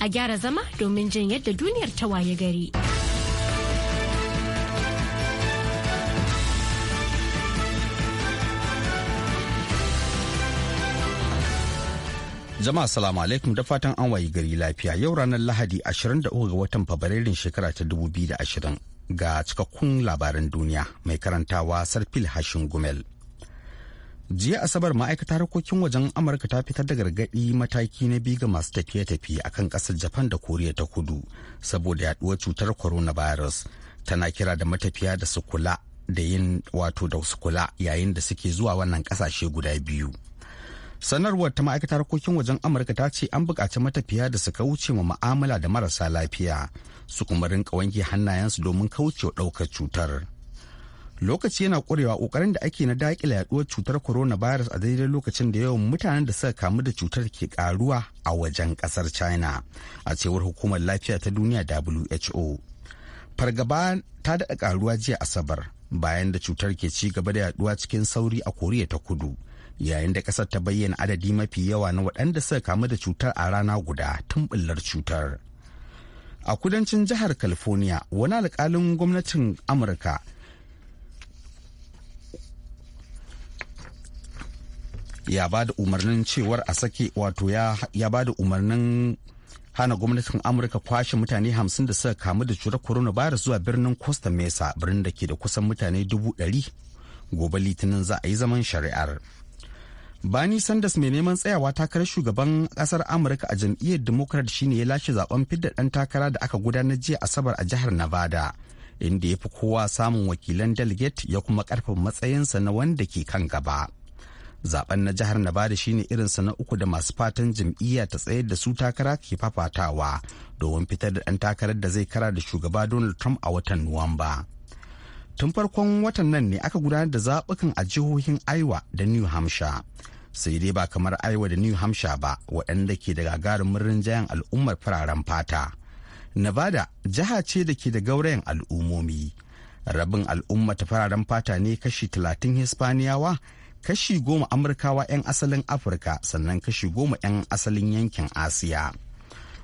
a gyara zama domin jin yadda duniyar ta waye gari. Jama'a salamu alaikum da fatan an wayi gari lafiya yau ranar Lahadi 23 ga watan Fabrairun shekara ta 2020 ga cikakkun labaran duniya mai karantawa Sarfil Hashin Gumel. jiya asabar Ma'aikata harkokin wajen amurka ta fitar da gargaɗi mataki na biyu ga masu tafiye-tafiye a kan ƙasar japan da koriya ta kudu saboda yaɗuwar cutar coronavirus tana kira da matafiya da su kula da yin wato da su kula yayin da suke zuwa wannan ƙasashe guda biyu sanarwar ta ma'aikatar harkokin wajen amurka ta ce an buƙaci matafiya da su wuce ma mu'amala da marasa lafiya su kuma rinka wanke hannayensu domin kaucewa ɗaukar cutar. lokaci yana ƙurewa ƙoƙarin da ake na daƙile yaduwar cutar corona coronavirus a daidai lokacin da yawan mutanen da suka kamu da cutar ke ƙaruwa a wajen ƙasar china a cewar hukumar lafiya ta duniya who fargaba ta daɗa ƙaruwa jiya asabar bayan da cutar ke ci gaba da yaduwa cikin sauri a koriya ta kudu yayin da ƙasar ta bayyana adadi mafi yawa na waɗanda suka kamu da cutar a rana guda tun ɓullar cutar a kudancin jihar california wani alƙalin gwamnatin amurka ya ba da umarnin cewar a sake wato ya ba da umarnin hana gwamnatin amurka kwashe mutane hamsin da suka kamu da cutar coronavirus zuwa birnin costa mesa birnin da ke da kusan mutane dubu ɗari gobe litinin za a yi zaman shari'ar bani sanders mai neman tsayawa takarar shugaban kasar amurka a jam'iyyar democrat shine ya lashe zaben fidda dan takara da aka gudanar jiya asabar a jihar nevada inda ya fi kowa samun wakilan delegate ya kuma karfafa matsayinsa na wanda ke kan gaba. zaben na jihar Nevada shine sa na uku da masu fatan jam'iyya ta tsayar da su takara ke fafatawa domin fitar da ɗan takarar da zai kara da shugaba Donald Trump a watan Nuwamba. Tun farkon watan nan ne aka gudanar da zaɓukan a jihohin Iowa da New Hampshire. Sai dai ba kamar Iowa da New Hampshire ba waɗanda ke da gagarumin rinjayen al'ummar fararen fata. Nevada jiha ce da ke da gaurayen al'ummomi. Rabin al'umma ta fararen fata ne kashi talatin Hispaniyawa kashi goma amurkawa 'yan asalin afirka sannan kashi goma 'yan asalin yankin asiya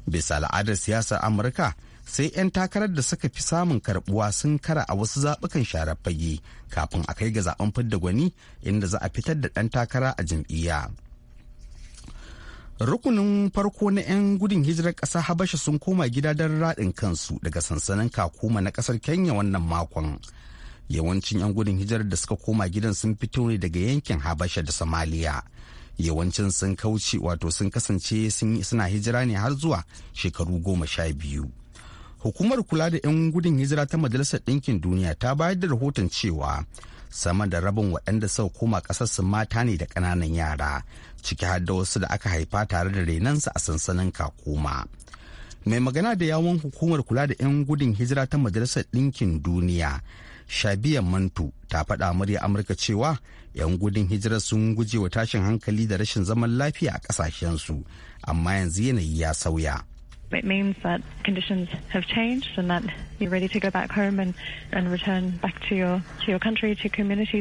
bisa al'adar siyasar amurka sai 'yan takarar da suka fi samun karbuwa sun kara a wasu zaɓukan sharar fage kafin a kai ga zaben fidda gwani inda za a fitar da ɗan takara a jam'iyya. rukunin farko na 'yan gudun hijirar ƙasa habasha sun koma gida don raɗin kansu daga sansanin kakuma na ƙasar kenya wannan makon yawancin 'yan gudun hijirar da suka koma gidan sun fito ne daga yankin habasha da somaliya yawancin sun kauce wato sun kasance suna hijira ne har zuwa shekaru goma sha biyu hukumar kula da 'yan gudun hijira ta majalisar ɗinkin duniya ta bayar da rahoton cewa sama da rabin waɗanda suka koma ƙasar ƙasarsu mata ne da ƙananan yara ciki har da wasu da aka haifa tare da renansu a sansanin kakuma. mai magana da yawon hukumar kula da 'yan gudun hijira ta majalisar ɗinkin duniya shabiyan mantu ta faɗa murya amurka cewa 'yan gudun hijira sun guje wa tashin hankali da rashin zaman lafiya a ƙasashensu amma yanzu yanayi ya sauya It means that conditions have changed and that you're ready to go community.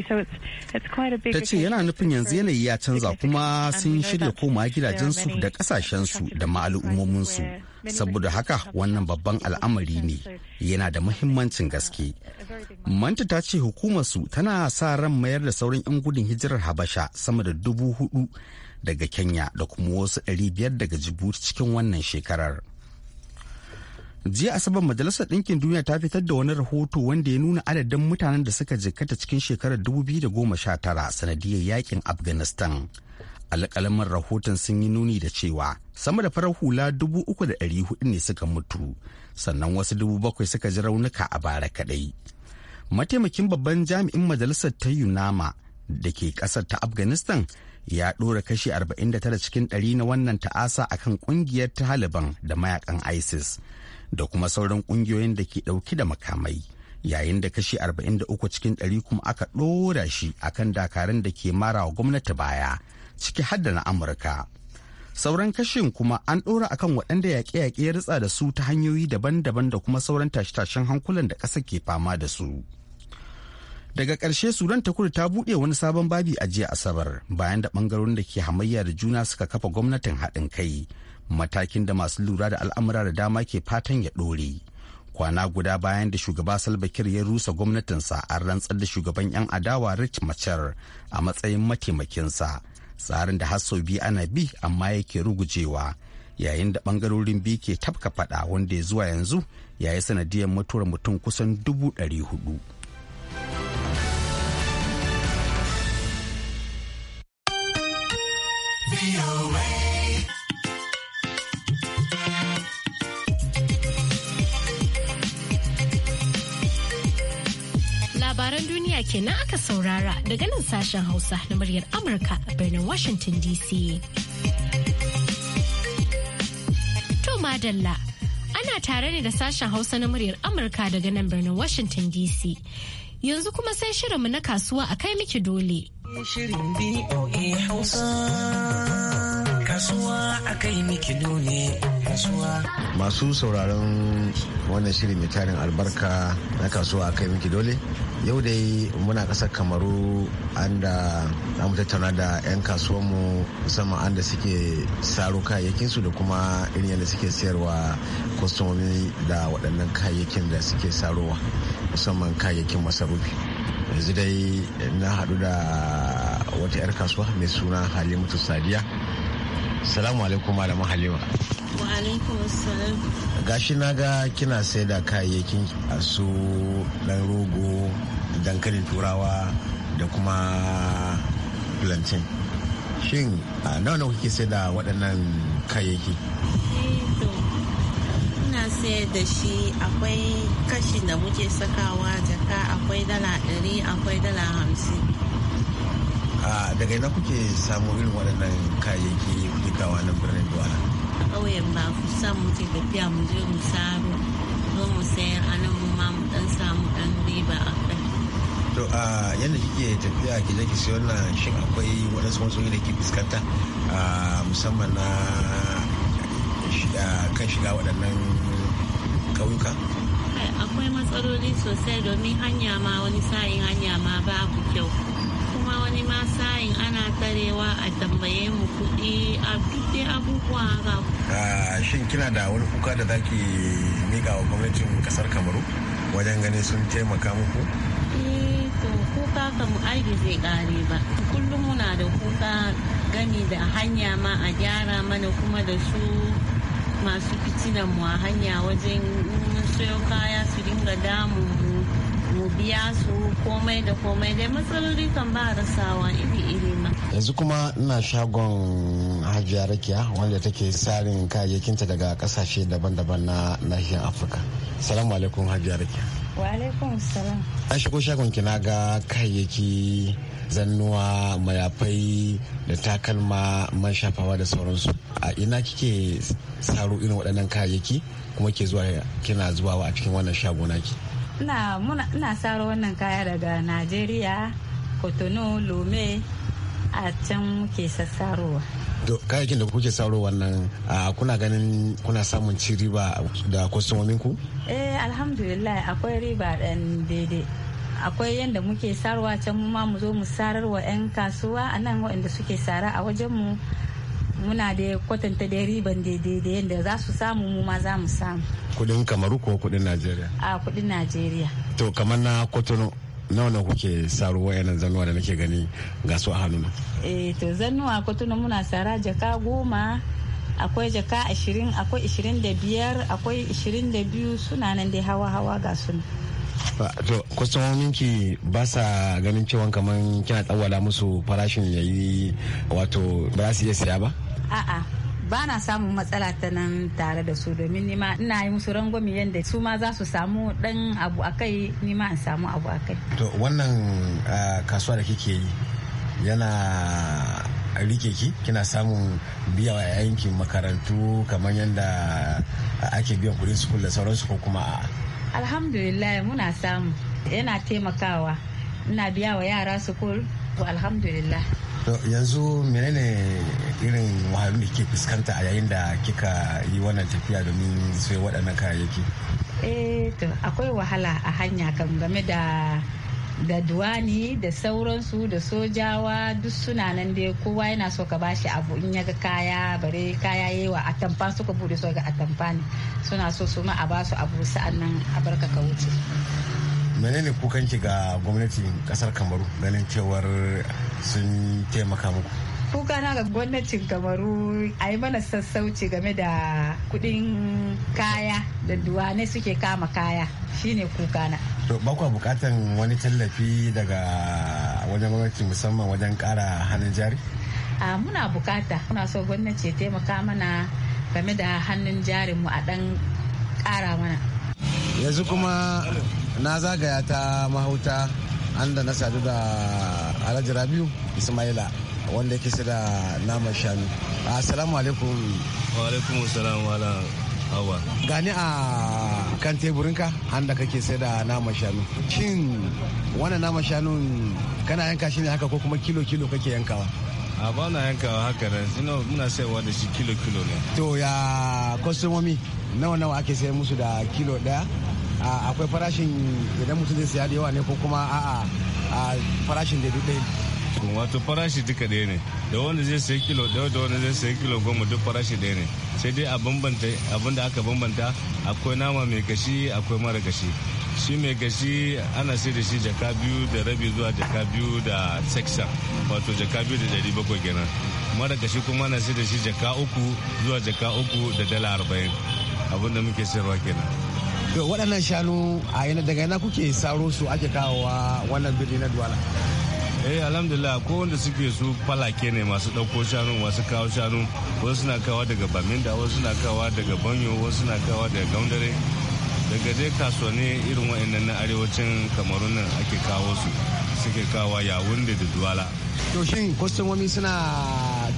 So it's it's yana nufin yanzu yanayi ya canza kuma sun shirya koma gidajensu da kasashensu da ma al'ummominsu. saboda haka wannan babban al'amari ne yana da muhimmancin gaske manta ta ce hukumarsu tana sa ran mayar da sauran 'yan gudun hijirar habasha sama da dubu hudu daga kenya da kuma wasu biyar daga jibuti cikin wannan shekarar jiya asabar majalisar ɗinkin duniya ta fitar da wani rahoto wanda ya nuna adadin mutanen da suka jikkata cikin shekarar 2019 sanadiyar yakin afghanistan alƙalaman rahoton sun yi nuni da cewa sama da farar hula dubu uku da ɗari hudu ne suka mutu sannan wasu dubu bakwai suka ji raunuka a bara kaɗai mataimakin babban jami'in majalisar ta yunama da ke ƙasar ta afghanistan ya ɗora kashi 49 cikin ɗari na wannan ta'asa akan ƙungiyar taliban da mayakan isis da kuma sauran ƙungiyoyin da ke ɗauki da makamai yayin da kashi 43 cikin ɗari kuma aka ɗora shi akan kan dakarun da ke marawa gwamnati baya ciki har na Amurka. Sauran kashin kuma an ɗora akan waɗanda yaƙe-yaƙe ya ritsa da su ta hanyoyi daban-daban da kuma sauran tashe-tashen hankulan da ƙasa ke fama da su. Daga ƙarshe Sudan ta kudu ta buɗe wani sabon babi a jiya Asabar bayan da ɓangarorin da ke hamayya da juna suka kafa gwamnatin haɗin kai matakin da masu lura da al'amura da dama ke fatan ya ɗore. kwana guda bayan da shugaba Salva Kiir ya rusa gwamnatinsa an rantsar da shugaban 'yan adawa Rich Machar a matsayin mataimakinsa tsarin da har sau biyu ana bi amma yake rugujewa yayin da bangarorin biyu ke tafka fada wanda ya zuwa yanzu ya yi sanadiyar mutuwar mutum kusan dubu ɗari hudu. Yeah. kenan aka saurara daga nan sashen Hausa na muryar Amurka a birnin Washington DC. To madalla ana tare ne da sashen Hausa na muryar Amurka daga nan birnin Washington DC. Yanzu kuma sai shirinmu na kasuwa a kai miki dole. Kasuwa a kai miki ne kasuwa. Masu sauraron wannan shirin mai tarin albarka na kasuwa a kai miki dole. Yau dai muna kasar kamaru an da tattauna da 'yan kasuwanmu musamman an da suke saro kayayyakinsu da kuma irin yadda suke sayarwa kwastomomi da waɗannan kayayyakin da suke sarowa musamman kayayyakin masarufi. yanzu dai na haɗu da wata 'yar kasuwa mai suna halimutu sadiya salamu alaikum malamin halima wa alaikum gashi na ga kina sai da kayayyakin su dan rogo dankalin turawa da kuma plantain shin nawa nawa kuke sai da waɗannan kayayyaki eh, ina da shi akwai kashi da muke sakawa jaka akwai dala 100 akwai dala hamsin daga ina kuke samu irin waɗannan kayayyaki cikawa nan birnin Duwala. A ƙauyen ba ku san mu ce tafiya mu je mu saro zo mu sayar a nan mu ma mu dan samu dan riba a kai. To a ah, yadda kike tafiya ki je ki sayi wannan shin akwai waɗansu matsaloli da ke fuskanta ah, musamman na ah, kan shiga waɗannan ƙauyuka? Akwai matsaloli sosai domin hanya ma wani sa'in hanya ma babu kyau. ma sa'in ana tarewa a tambaye mu kuɗi a duk abubuwa haka. Ah, shin kina da wani kuka da za ki miƙa wa gwamnatin ƙasar kamaru wajen ganin sun taimaka muku? Eh, to kuka kam aiki zai ƙare ba kullum muna da kuka gani da hanya ma a gyara mana kuma da su masu fitinan mu a hanya wajen sayo kaya su dinga damu mu biya su komai da komai dai matsaloli kan ba rasawa iri-iri ma. yanzu kuma ina shagon hajiya rakiya wanda take sarin kayayyakinta daga kasashe daban-daban na nahiyar afirka salamu alaikum hajiya rakiya wa alaikum salam an shigo shagon ki na ga kayayyaki zannuwa mayafai da takalma man shafawa da sauransu a ina kike saro irin waɗannan kayayyaki kuma ke zuwa kina zuwa a cikin wannan shagonaki ina saro wannan kaya daga najeriya kotono lome a can muke sassarowa da kuke saro wannan kuna ganin kuna samun ci riba da kwastomomin ku? eh alhamdulillah akwai riba ɗan daidai akwai yadda muke sarwa can mu ma mu zo mu sarar wa 'yan kasuwa a nan waɗanda suke sara a wajen mu muna da kwatanta da riban daidai da yadda za su samu mu ma za mu samu kudin kamaru ko kudin najeriya a kudin najeriya to kamar na kotono nawa na kuke saro wayanan zannuwa da nake gani ga su a hannuna eh to zannuwa kotono muna sara jaka goma akwai jaka ashirin akwai ishirin da biyar akwai ishirin da biyu suna nan dai hawa hawa ga su to ki ba sa ganin cewa kamar kina tsawala musu farashin yayi wato ba za su iya siya ba a'a ba na samun matsala ta nan tare da su domin nima ina yi musu rangwami yadda su ma za su samu dan abu a kai nima in samu abu a kai. To wannan kasuwa da kike yi yana rike ki kina samun biya wa yanki makarantu kamar yadda ake biyan kudin su da sauransu ko kuma a. Alhamdulillah muna samu yana taimakawa ina biya wa yara sukul alhamdulillah. yanzu menene irin wahalun da ke fuskanta a yayin da kika yi wannan tafiya domin sai waɗannan kayayyaki eh to akwai wahala a hanya kan game da da duwani da sauransu da sojawa duk suna nan dai kowa yana so ka bashi abu in yaga kaya bare kaya wa atamfa suka bude so ga atamfa ne suna so su ma a basu abu sa'annan a barka ka wuce menene kukanki ga gwamnatin kasar kamaru ganin cewar sun taimaka muku kuka na ga gwamnatin kamaru a yi mana sassauci game da kudin kaya da duwane suke kama kaya shine kuka na to bakwa bukatan wani tallafi daga wajen gwamnati musamman wajen kara hannun jari muna bukata muna so gwamnati ya taimaka mana game da hannun jarinmu a dan kara mana yanzu kuma na zagaya ta mahauta an da na sadu da alhaji rabiu ismaila wanda yake sai da naman shanu assalamu alaikum wa alaikum assalam wala hawa gani a kan teburinka an da kake sai da nama shanu shin wannan nama shanu kana yanka shi ne haka ko kuma kilo kilo kake yankawa a ba na yankawa haka da muna sayarwa da shi kilo kilo ne to ya kwasomomi nawa nawa ake sayar musu da kilo daya akwai farashin idan mutum zai siya da yawa ne ko kuma a'a farashin da duk ɗaya wato farashi duka ɗaya ne da wanda zai sayi kilo ɗaya da wanda zai sayi kilo goma duk farashi ɗaya ne sai dai a bambanta abin da aka bambanta akwai nama mai gashi akwai mara gashi shi mai gashi ana sai da shi jaka biyu da rabi zuwa jaka biyu da section wato jaka biyu da dari bakwai kenan mara gashi kuma ana sai da shi jaka uku zuwa jaka uku da dala arba'in abinda da muke sayarwa kenan da waɗannan shanu a yana daga yana kuke saro su ake kawowa wannan birni na Duwala. Eh alhamdulillah ko wanda suke su falake ne masu ɗauko shanu masu kawo shanu wasu suna kawo daga Baminda wasu suna kawo daga Banyo wasu suna kawo daga Gaundare daga dai kasuwanni irin waɗannan na arewacin kamarun nan ake kawo su suke ya yawun da Duwala. To shin kwastomomi suna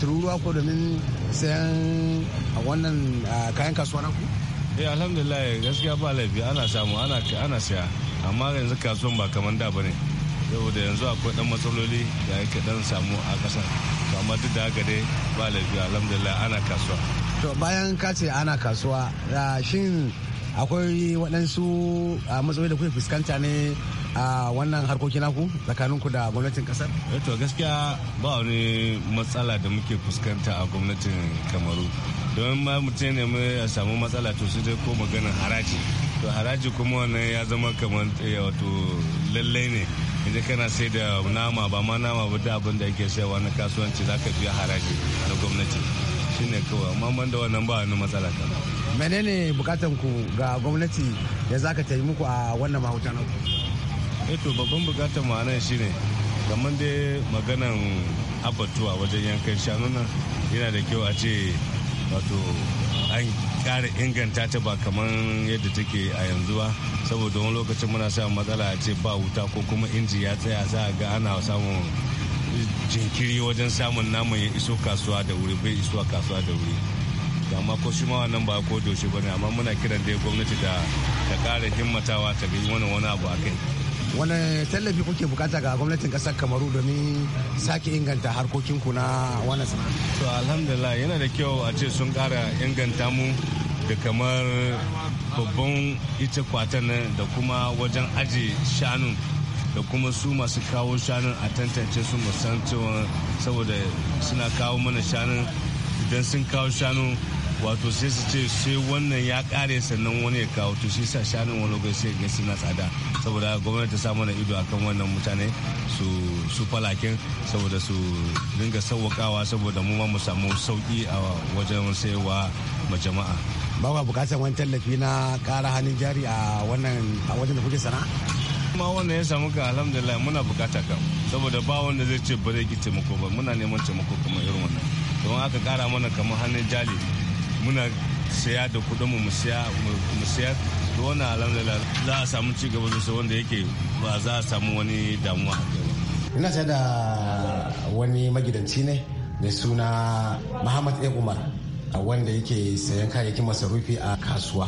tururuwa ko domin sayan wannan ah, kayan kasuwa na ku? eh alhamdulillah gaskiya ba laifi ana samu ana ana siya amma yanzu kasuwan ba kamar da bane saboda yanzu akwai dan matsaloli da yake dan samu a kasa to amma duk da haka dai ba laifi alhamdulillah ana kasuwa to bayan ka ce ana kasuwa ah, shin akwai waɗansu a ah, matsayi da kuke fuskanta ne a ah, wannan harkoki naku tsakaninku da gwamnatin kasar? Eh to gaskiya ba wani matsala da muke fuskanta a gwamnatin kamaru don ma mutum ne mu samu matsala to su dai ko maganin haraji to haraji kuma wannan ya zama kamar eh, wato lallai ne inda kana sai da nama ba ma nama ba da abin da ake sayarwa na kasuwanci za ka biya haraji na gwamnati shine kawai amma man da wannan ba wani matsala kan menene bukatan ku ga gwamnati da zaka ta yi muku a wannan mahauta na ku eh to babban bukatan mu anan shine kamar dai maganan abatuwa wajen yankan shanu nan yana da kyau a ce wato an ƙara inganta ta ba kamar yadda take a yanzu ba saboda wani lokacin muna samun matsala a ce ba wuta ko kuma inji ya tsaya za a ga ana samun jinkiri wajen samun naman ya iso kasuwa da wuri bai iso kasuwa da wuri amma ko shi ma wannan ba ko ba bane amma muna kiran dai gwamnati da ta kara himmatawa ta bi wani wani abu kai wani tallafi kuke bukata ga gwamnatin kasar kamaru domin sake inganta harkokinku na wani sana'a to alhamdulillah yana da kyau a ce sun kara inganta mu da kamar babban ita kwatan da kuma wajen aji shanu da kuma su masu kawo shanun a tantance su musamman cewa saboda suna kawo mana shanun idan sun kawo shanu wato sai su ce sai wannan ya kare sannan wani ya kawo to shi sa shanun wani lokaci sai ga suna tsada saboda gwamnati ta samu na ido akan wannan mutane su su falakin saboda su dinga sauwakawa saboda mu ma mu samu sauki a wajen sayarwa ma jama'a ba bukatar wani tallafi na kara hannun jari a wannan a wajen da kuke sana'a kuma wannan ya samu ka alhamdulillah muna bukata kan saboda ba wanda zai ce ba zai ki taimako ba muna neman taimako kamar irin wannan don aka kara mana kamar hannun jali muna siya da kuɗin mu mu siya to wannan alhamdulillah za a samu ci gaba sosai wanda yake ba za a samu wani damuwa ina sai da wani magidanci ne mai suna muhammad a wanda yake sayan kayayyakin masarufi a kasuwa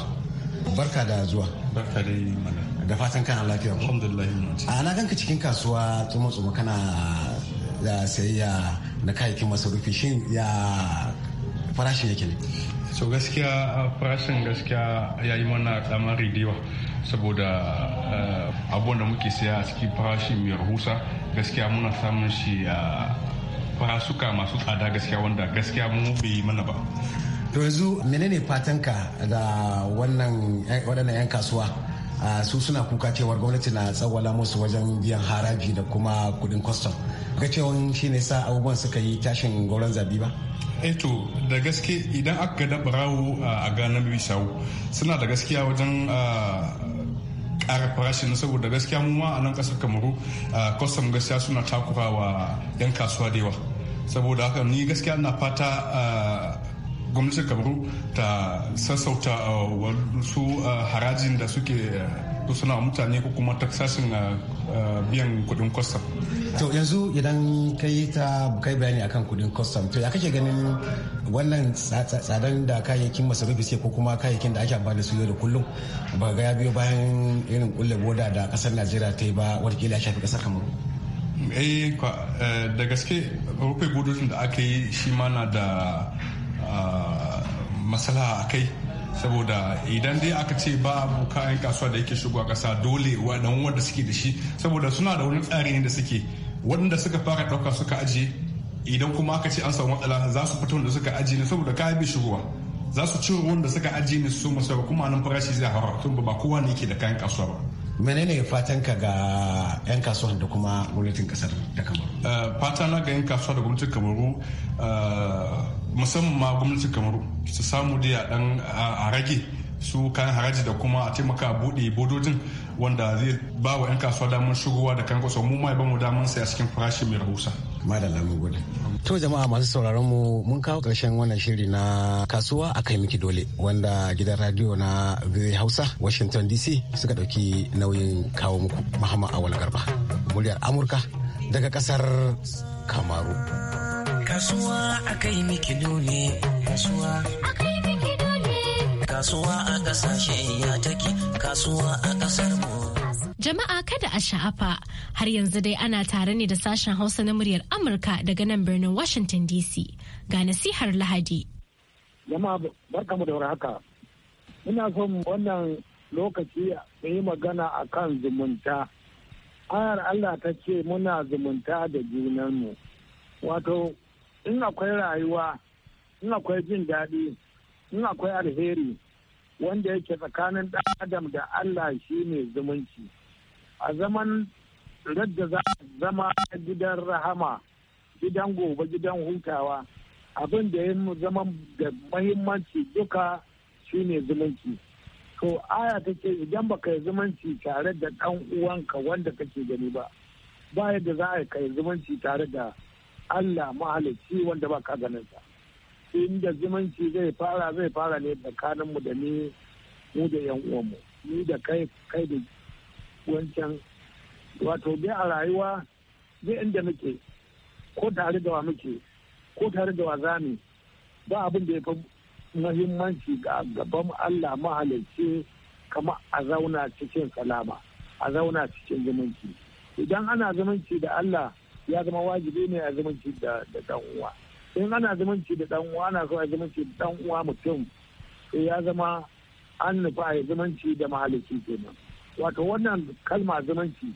barka da zuwa barka da da fatan kana lafiya alhamdulillah a na ganka cikin kasuwa tsoma tsoma kana da sayayya na kayayyakin masarufi shin ya farashin yake ne so gaskiya farashin gaskiya ya yi mana damar ridewa saboda abubuwan da muke saya a cikin farashi mai rahusa gaskiya muna samun shi a farasuka masu tsada gaskiya wanda gaskiya mu bai mana ba to yanzu menene fatanka da wannan eh, waɗannan 'yan kasuwa ah, su suna kuka cewar gwamnati na tsawala musu wajen biyan haraji da kuma kuɗin kwastam ga cewa shi ne sa abubuwan suka yi tashin gauran zabi ba eto eh da gaske idan aka ga barawo ah, a ganar bishawu suna da gaskiya wajen kara ah, farashin saboda gaskiya mu ma a nan kasar kamaru kwastam gaskiya suna takurawa 'yan kasuwa da yawa saboda haka ni gaskiya na fata gwamnatin kamaru ta sassauta uh, wasu uh, harajin da suke uh, suna mutane ko kuma sashen biyan kudin kwastam. to yanzu idan ka yi ta kai bayani akan kudin kwastam to ya kake ganin wannan tsadan da kayayyakin masarufi sai ko kuma kayayyakin da ake amfani da su yau da kullum ba ga ya biyo bayan irin kulle boda da kasar najeriya ta yi ba wadda ya shafi kasar kamaru eh, eh da gaske rufe gudun da aka yi shi mana na da Masala a kai saboda idan dai aka ce babu kayan kasuwa da yake shigo a ƙasa dole wa wanda suke da shi saboda suna da wani tsari ne da suke wadanda suka fara dauka suka aji idan kuma aka ce an samu matsala za su fito da suka ajiye ne saboda kaya bai shigowa za su ci wanda suka aji ne su masu kuma nan farashi zai hawa tun ba kowa ne yake da kayan kasuwa ba menene fatan ka ga 'yan kasuwan da kuma gwamnatin kasar da kamaru eh, fata na ga 'yan kasuwa da gwamnatin kamaru musamman ma gwamnati kamaru su samu da a dan a rage su kayan haraji da kuma a taimaka buɗe bodojin wanda zai ba wa 'yan kasuwa damar shigowa da kan kwasa mu ma ba mu damar a cikin farashi mai rahusa. Madalla mu gode. To jama'a masu sauraron mu mun kawo karshen wannan shiri na kasuwa a kai miki dole wanda gidan radio na VOA Hausa Washington DC suka ɗauki nauyin kawo muku Muhammad Awal Garba muryar Amurka daga kasar Kamaru. Kasuwa aka yi miki dole. Kasuwa Kasuwa a kasashe ya take. Kasuwa a kasar mu. Jama'a kada a sha'afa har yanzu dai ana tare ne da sashen Hausa na muryar Amurka daga nan birnin Washington DC ga nasihar Lahadi. Jama'a barkamu da haka. Ina son wannan lokaci da yi magana a kan zumunta. Ayar Allah ta ce muna zumunta da junanmu. Wato in akwai rayuwa in akwai jin daɗi in akwai alheri wanda yake tsakanin ɗan adam da allah shi ne zumunci a zaman radda za a zama gidan rahama gidan gobe gidan hutawa abin da ya zama da mahimmanci duka shi ne zumunci to aya ta idan ba yi zumunci tare da ɗan uwanka wanda kake gani ba ba yadda za a kai zumunci tare da Allah mahalicci wanda ba ka ganinsa inda zumunci zai fara zai fara ne tsakaninmu da ni mu da yan uwanmu ni da kai kai da wancan wato bi a rayuwa zai inda muke ko tare da wa muke ko tare da wa zami ba abin da ya fi muhimmanci ga gaban Allah mahalicci kama a zauna cikin salama a zauna cikin zumunci idan ana zumunci da Allah ya zama wajibi ne a zumunci da dan uwa in ana zumunci da dan uwa ana so a zumunci da dan uwa mutum sai ya zama an nufa ya zumunci da mahalicci kenan wato wannan kalma zumunci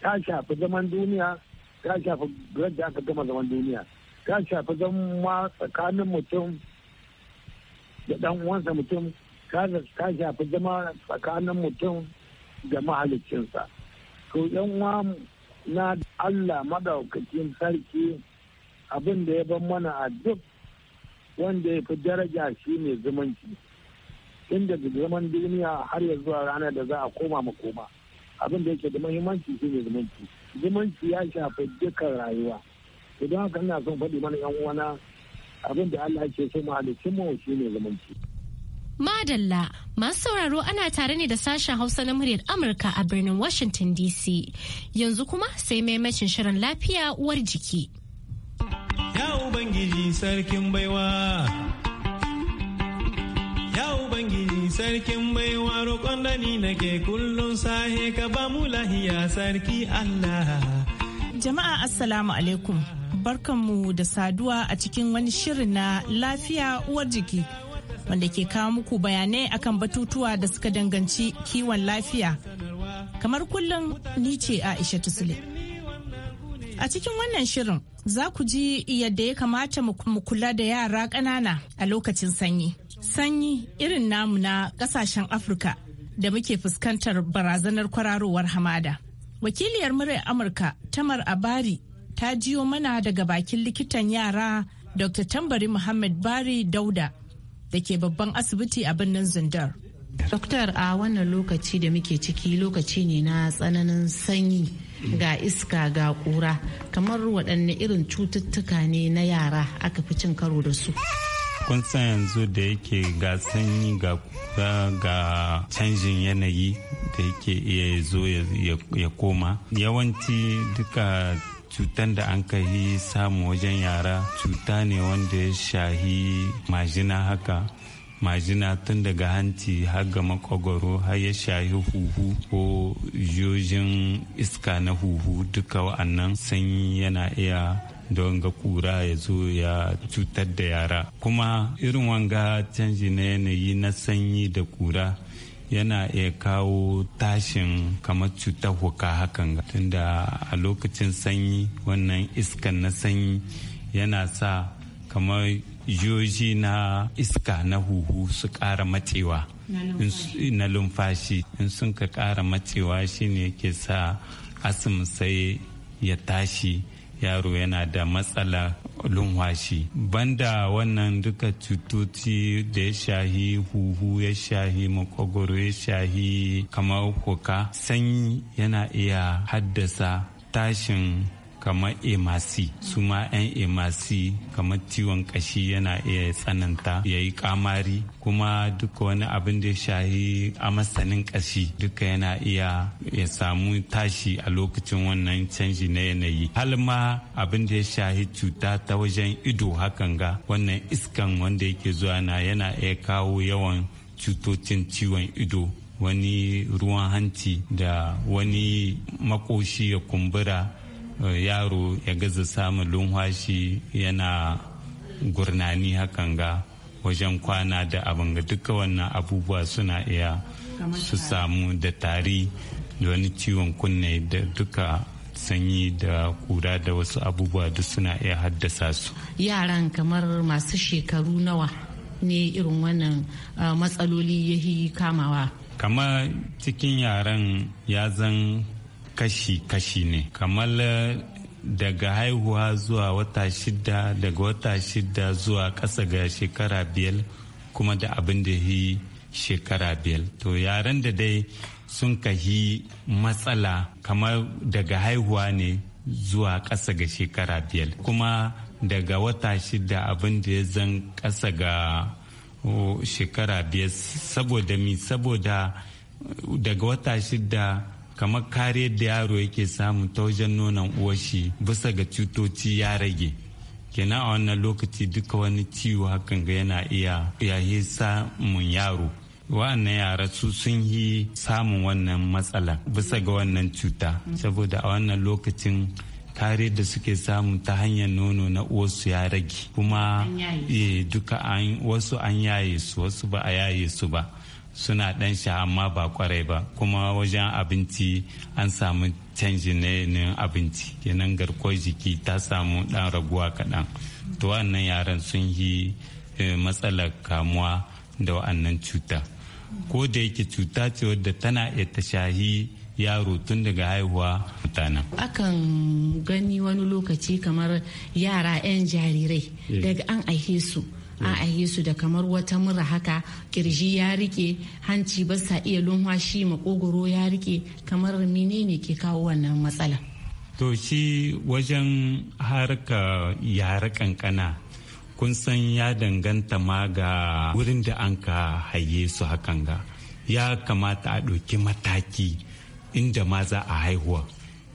ta shafi zaman duniya ta shafi yadda aka gama zaman duniya ta shafi zama tsakanin mutum da dan uwansa mutum ta shafi zama tsakanin mutum da mahaliccinsa to yan uwa na Allah madaukakin sarki abin da ya ban mana a duk wanda ya fi daraja shi ne zumunci inda da zaman duniya har ya zuwa ranar da za a koma makoma abin da yake da muhimmanci shi ne zumunci zumunci ya shafi dukkan rayuwa idan haka ina son faɗi mana yan uwana abin da Allah ke so mu halicci shi ne zumunci. Madalla masu sauraro ana tare ne da sashen Hausa na muryar Amurka a birnin Washington DC. Yanzu kuma sai maimacin shirin lafiya uwar jiki. Ya Ubangiji sarkin baiwa. Ya Ubangiji sarkin baiwa roƙon da nake kullum sahe ka ba mu lahiya sarki Allah. Jama'a Assalamu alaikum. Barkanmu da saduwa a cikin wani shirin na lafiya uwar jiki. wanda ke kawo muku bayanai akan batutuwa da suka danganci kiwon lafiya. Kamar kullum ni ce Aisha Tusule. A cikin wannan shirin za ku ji yadda ya kamata mu kula da yara ƙanana a lokacin sanyi. Sanyi irin namu na ƙasashen Afirka da muke fuskantar barazanar kwararowar hamada. Wakiliyar muryar Amurka Tamar Abari ta jiyo mana daga bakin likitan yara Dr. Tambari Muhammad Bari Dauda da ke babban asibiti a birnin Zindar. Doktor a wannan lokaci da muke ciki lokaci ne na tsananin sanyi ga iska ga kura kamar waɗanne irin cututtuka ne na yara aka fi cin karo da su. kun san yanzu da yake ga sanyi ga kura ga canjin yanayi da yake iya zo ya koma yawanci duka cutan da an yi samu wajen yara cuta ne wanda ya shahi majina haka majina tun daga hanci har ga makogoro har ya shahi huhu ko jojin iska na huhu duka wa'annan sanyi yana iya don ga kura ya zo ya cutar da yara kuma irin wanga canji na yanayi na sanyi da kura yana iya kawo tashin kamar cutar huka hakan ga. tunda a lokacin sanyi wannan iskan na sanyi yana sa kamar jiyoji na iska na huhu su ƙara matsewa na lumfashi in sun ka ƙara matsewa shine yake sa asim sai ya tashi yaro yana da matsala lumwashi banda wannan duka cutoci da ya shahi huhu ya shahi makogoro ya shahi kamar kuka sanyi yana iya haddasa tashin kamar emasi su ma 'yan emasi kamar ciwon kashi yana iya tsananta ya yi kamari kuma duka wani abin da ya shahi masanin kashi duka yana iya ya samu tashi a lokacin wannan canji na yanayi halma ma abin da ya shahi cuta ta wajen ido hakan ga wannan iskan wanda yake zuwa na yana iya kawo yawan cutocin ciwon ido wani ruwan hanci da wani makoshi ya kumbura yaro ya gaza samun lumhashi yana gurnani hakan ga wajen kwana da abin ga duka wannan abubuwa suna iya su samu da tari da wani ciwon kunne da duka sanyi da kura da wasu abubuwa duk suna iya haddasa su yaran kamar masu shekaru nawa ne irin wannan ah, matsaloli ya kamawa kamar cikin yaran ya zan kashi-kashi ne kamar eh, daga haihuwa zuwa wata shida daga wata shida zuwa ƙasa ga shekara biyar kuma da abin da yi shekara biyar to yaren da dai sun kahi matsala kamar daga haihuwa ne zuwa ƙasa ga shekara biyar kuma daga wata shida abin da ya zan ƙasa ga shekara biyar saboda mi saboda eh, daga wata shida kamar kariyar da yaro yake samu ta wajen nonon uwashi bisa ga cutoci ya rage kenan a wannan lokaci duka wani ciwo hakan ga yana iya yahe samun yaro wa'annan yara su sun yi samun wannan matsala bisa ga wannan cuta saboda a wannan lokacin kare da suke samu ta hanyar nono na uwarsu ya rage kuma eh, duka wasu an yaye su wasu ba a yaye su ba suna ɗan sha amma ba kwarai ba kuma wajen abinci an samu canji na abinci kenan garkuwar jiki ta samu ɗan raguwa kaɗan to wannan yaran sun yi eh, matsalar kamuwa da wa'annan cuta ko da yake cuta ce wadda tana iya ta shahi yaro tun daga haihuwa mutanen. akan gani wani lokaci kamar yara 'yan jarirai eh. daga an aihe su a aihe su da kamar wata mura haka kirji ya rike hanci ba sa iya lumhashi makogoro ya rike kamar menene ke kawo wannan matsala to shi wajen harka yara kankana kun san ya danganta ma ga wurin da an ka haye su hakan ga ya kamata a ɗauki mataki inda ma za a haihuwa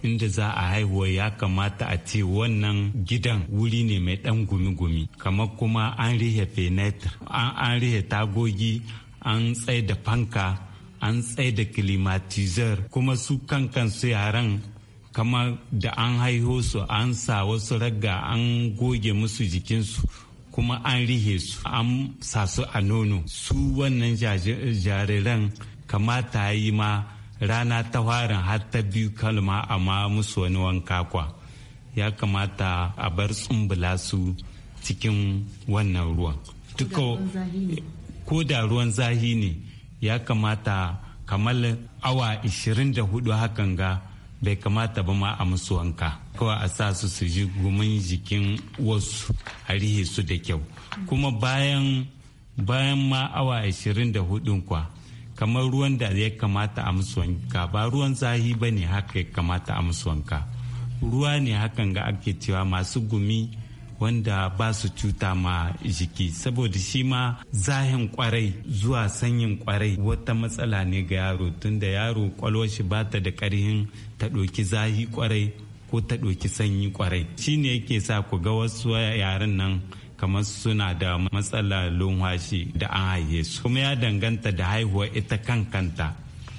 inda za a haihuwa ya kamata a ce wannan gidan wuri ne mai ɗan gumi-gumi kamar kuma an rihe fenetir an rihe tagogi an tsaye da fanka an tsaye da climatizer kuma su kankan su yaran kama da an haiho su an sa wasu ragga an goge musu jikinsu kuma an rihe su an sa su a nono su wannan jariran kamata yi ma rana ta harin har ta biyu kalma amma musu wani wanka kwa ya kamata a bar tsumbula su cikin wannan ruwan ko da ruwan zahi ne ya kamata kamar awa 24 hakan ga bai kamata ba ma a musu wanka kawai a sa su su ji gumin jikin wasu a rihe su da kyau kuma bayan bayan ma awa 24 kwa kamar ruwan da ya kamata a musu wanka ba ruwan zahi ba ne haka ya kamata a musu wanka ruwa ne hakan ga ake cewa masu gumi wanda ba su cuta ma jiki saboda shi ma zahin kwarai zuwa sanyin kwarai wata matsala ne ga yaro tunda yaro kwalwashi ba ta da karhin ta ɗauki zahi kwarai ko ta ɗoki sanyi kwarai shi ne yake sa ku ga wasu yaren nan kamar suna da matsalar lunwashi da an haihe su kuma ya danganta da haihuwa ita kankanta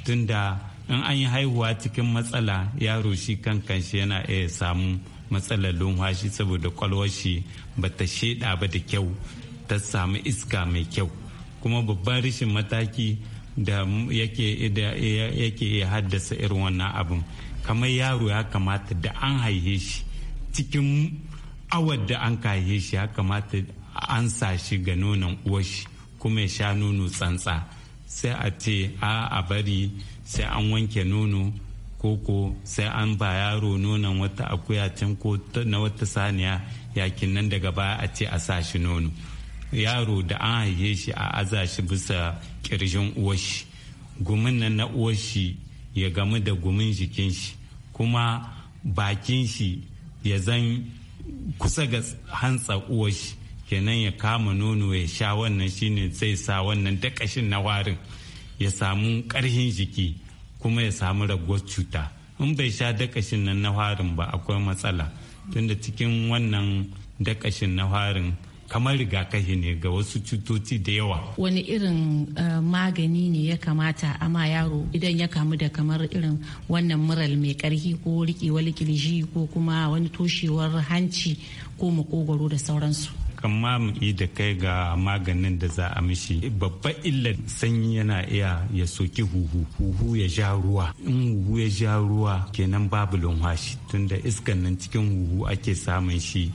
tunda in an yi haihuwa cikin matsala yaro shi kankan shi yana iya samu matsalar lunwashi saboda kwalwar shi ba ta sheda ba da kyau ta samu iska mai kyau kuma babban rashin mataki da yake iya haddasa irin wannan abin kamar yaro ya kamata da an haihe shi cikin awar da an kaye shi ya kamata an sa shi ga nonon uwashi kuma ya sha nono tsantsa sai a ce a a bari sai an wanke nono koko sai an ba yaro nonon wata akuya can ko na wata saniya yakin nan daga baya a ce a sa shi nono yaro da an haye shi a aza shi bisa kirjin uwashi gumin nan na uwashi ya gamu da gumin jikin shi kuma bakin shi ya zan kusa ga hantsa uwashi kenan ya kama nono ya sha wannan shine zai sa wannan dakashin na warin ya samu karhin jiki kuma ya samu raguwar cuta in bai sha dakashin nan na warin ba akwai matsala tunda cikin wannan dakashin na warin kamar rigakafi ne ga wasu cutoci da yawa. Wani irin eh, magani ne ya kamata ama yaro idan ya kamu da kamar irin wannan mural mai karhi ko rikewar kirji ko kuma wani toshewar hanci ko makogwaro da sauransu. kamma mu yi da kai ga maganin da za a mishi babban illar sanyi yana iya ya soki huhu huhu ya ja ruwa in huhu ya ja ruwa kenan babu lumhashi tunda iskan nan cikin huhu ake samun shi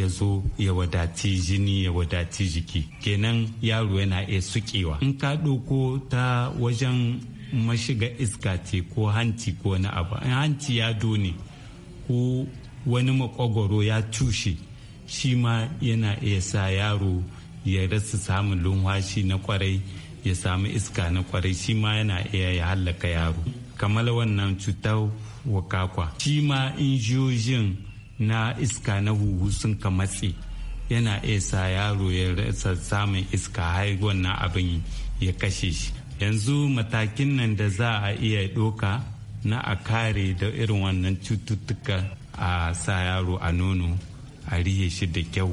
ya zo ya wadati jini ya wadati jiki kenan yaro yana iya sukewa in ka ɗauko ta wajen mashiga iska ce ko hanci ko wani abu hanci ya done ko wani makogoro ya tushe shi ma yana iya sa yaro ya rasa samun lumwashi na kwarai ya samu iska na kwarai shi ma yana iya ya hallaka yaro kamar wannan cutar wakakwa shi ma injiyojin na iska na huhu sun ka matse yana sa yaro ya rasa samun iska har wannan abin ya kashe shi yanzu matakin nan da za a iya doka na a kare da irin wannan cututtuka a sa yaro a nono a rihe shi da kyau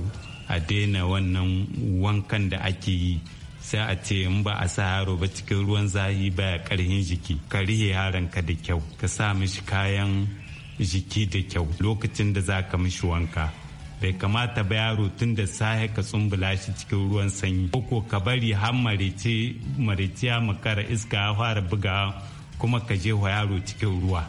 a daina wannan wankan da ake yi sai a ce in ba a sa yaro ba cikin ruwan zahi baya karhin jiki ka rihe yaron ka da kyau ka sa mishi kayan jiki da kyau lokacin da za ka mishi wanka bai kamata ba yaro tun da sahe ka tsumbula shi cikin ruwan sanyi ko ka bari har marice ya makara iska ya fara buga kuma ka je wa yaro cikin ruwa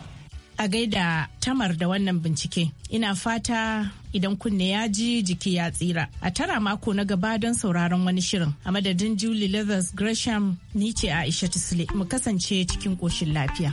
a gaida tamar da wannan bincike ina fata idan kunne ya ji jiki ya tsira a tara mako na gaba don sauraron wani shirin a madadin julie leathers gresham ni ce aisha tusle mu kasance cikin koshin lafiya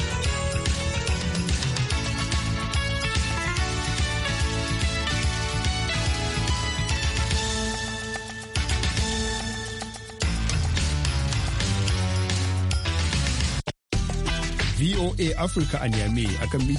VOA Africa a Niamey akan